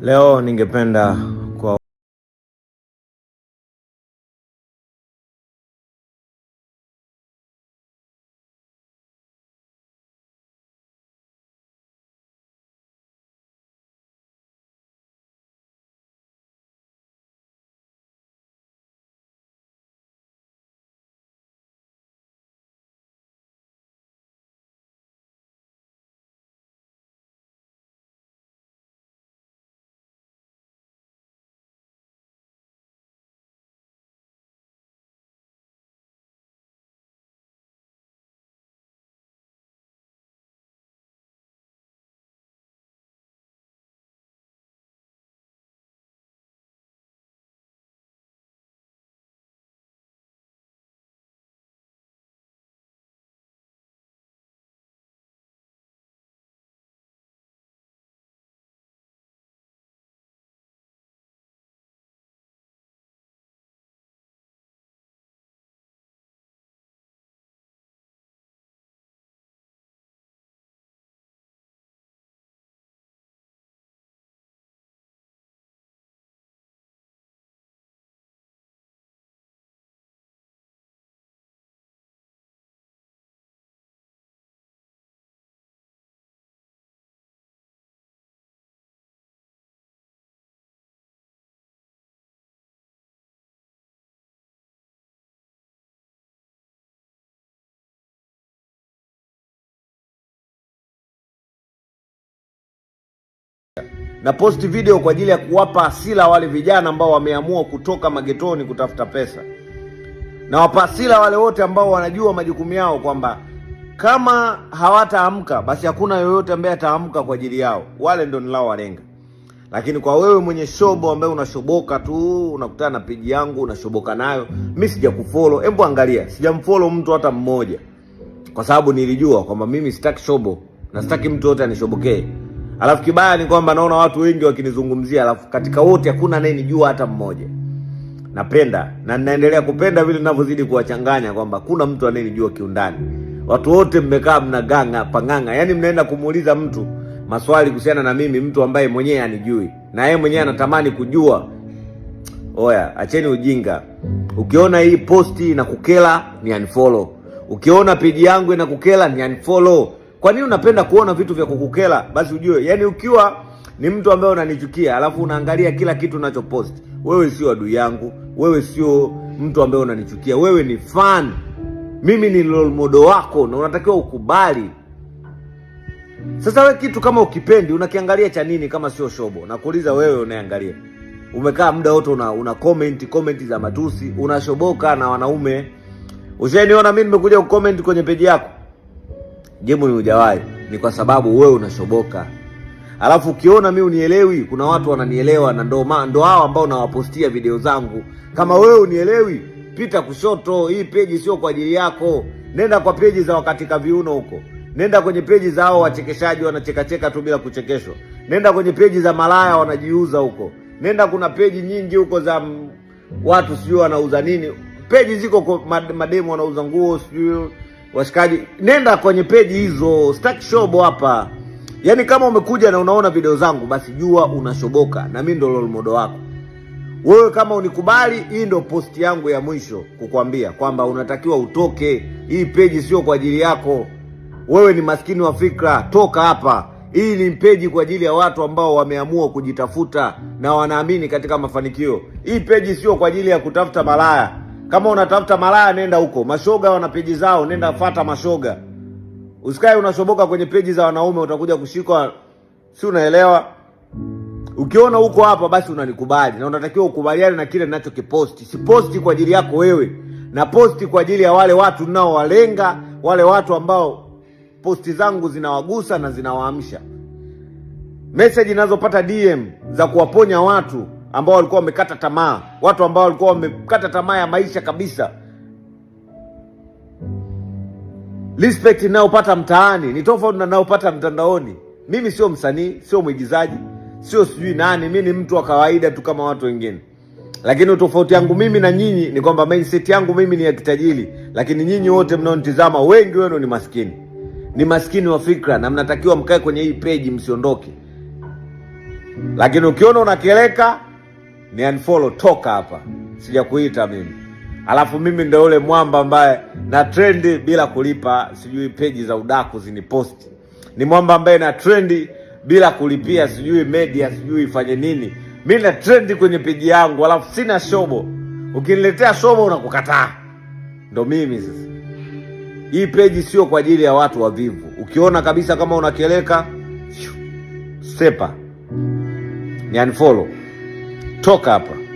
Leo ningependa na posti video kwa ajili ya kuwapa hasira wale vijana ambao wameamua kutoka magetoni kutafuta pesa, na wapa hasira wale wote ambao wanajua majukumu yao kwamba kama hawataamka basi hakuna yoyote ambaye ataamka kwa ajili yao. Wale ndio walenga Lakini kwa wewe mwenye shobo ambaye unashoboka tu, unakutana na peji yangu unashoboka nayo, mi sijakufollow. Hebu angalia, sijamfollow mtu hata mmoja, kwa sababu nilijua kwamba mimi sitaki shobo na sitaki mtu yote anishobokee. Alafu kibaya ni kwamba naona watu wengi wakinizungumzia, alafu katika wote hakuna anayenijua hata mmoja. Napenda na ninaendelea kupenda vile ninavyozidi kuwachanganya kwamba kuna mtu anayenijua kiundani. Watu wote mmekaa mnaganga panganga, yani mnaenda kumuuliza mtu maswali kuhusiana na mimi, mtu ambaye mwenyewe anijui na yeye mwenyewe anatamani kujua. Oya, acheni ujinga. Ukiona hii posti inakukela ni unfollow. Ukiona peji yangu inakukela ni unfollow. Kwa nini unapenda kuona vitu vya kukukela? Basi ujue, yani ukiwa ni mtu ambaye unanichukia alafu unaangalia kila kitu unachopost, wewe sio adui yangu, wewe sio mtu ambaye unanichukia, wewe ni fan, mimi ni role model wako na unatakiwa ukubali. Sasa we kitu kama ukipendi unakiangalia cha nini kama sio shobo? Nakuuliza wewe, unaangalia umekaa muda wote una, una comment comment za matusi, unashoboka na wanaume. Ushaniona mimi nimekuja kucomment kwenye peji yako jembo ni ujawahi ni kwa sababu wewe unashoboka. Alafu ukiona mi unielewi, kuna watu wananielewa na ndo ma ndo hao ambao nawapostia video zangu. Kama wewe unielewi, pita kushoto. Hii peji sio kwa ajili yako. Nenda kwa peji za wakatika viuno huko, nenda kwenye peji za hao wachekeshaji wanachekacheka tu bila kuchekeshwa, nenda kwenye peji za malaya wanajiuza huko, nenda kuna peji nyingi huko za watu sijui wanauza nini, peji ziko kwa mademu wanauza nguo sijui Washikaji, nenda kwenye peji hizo, sitaki shobo hapa. Yaani kama umekuja na unaona video zangu, basi jua unashoboka na mi ndo role model wako wewe. Kama unikubali, hii ndo posti yangu ya mwisho kukwambia kwamba unatakiwa utoke. Hii peji sio kwa ajili yako. Wewe ni maskini wa fikra, toka hapa. Hii ni peji kwa ajili ya watu ambao wameamua kujitafuta na wanaamini katika mafanikio. Hii peji sio kwa ajili ya kutafuta malaya. Kama unatafuta malaya, nenda huko. Mashoga wana peji zao, nenda mm. fata mashoga. Usikae unasoboka kwenye peji za wanaume, utakuja kushikwa, si unaelewa? Ukiona huko hapa, basi unanikubali na unatakiwa ukubaliane na kile nachokiposti Si posti kwa ajili yako wewe, na posti kwa ajili ya wale watu nnaowalenga wale watu ambao posti zangu zinawagusa na zinawaamsha. Meseji ninazopata DM za kuwaponya watu ambao walikuwa wamekata tamaa, watu ambao walikuwa wamekata tamaa ya maisha kabisa. Respect inayopata mtaani ni tofauti nanayopata mtandaoni. Mimi sio msanii, sio mwigizaji, sio sijui nani, mi ni mtu wa kawaida tu kama watu wengine, lakini tofauti yangu mimi na nyinyi ni kwamba mindset yangu mimi ni ya kitajiri, lakini nyinyi wote mnaonitizama, wengi wenu ni maskini, ni maskini wa fikra, na mnatakiwa mkae kwenye hii peji, msiondoke. Lakini ukiona unakeleka ni unfollow, toka hapa, sijakuita mimi. Alafu mimi ndo yule mwamba ambaye na trendi bila kulipa, sijui peji za udaku ziniposti. Ni mwamba ambaye na trendi bila kulipia, sijui media, sijui ifanye nini. Mimi na trendi kwenye peji yangu, alafu sina shobo. Ukiniletea shobo unakukataa, ndo mimi sasa. Hii peji sio kwa ajili ya watu wavivu. Ukiona kabisa kama unakeleka, sepa ni unfollow. Tchau, capa.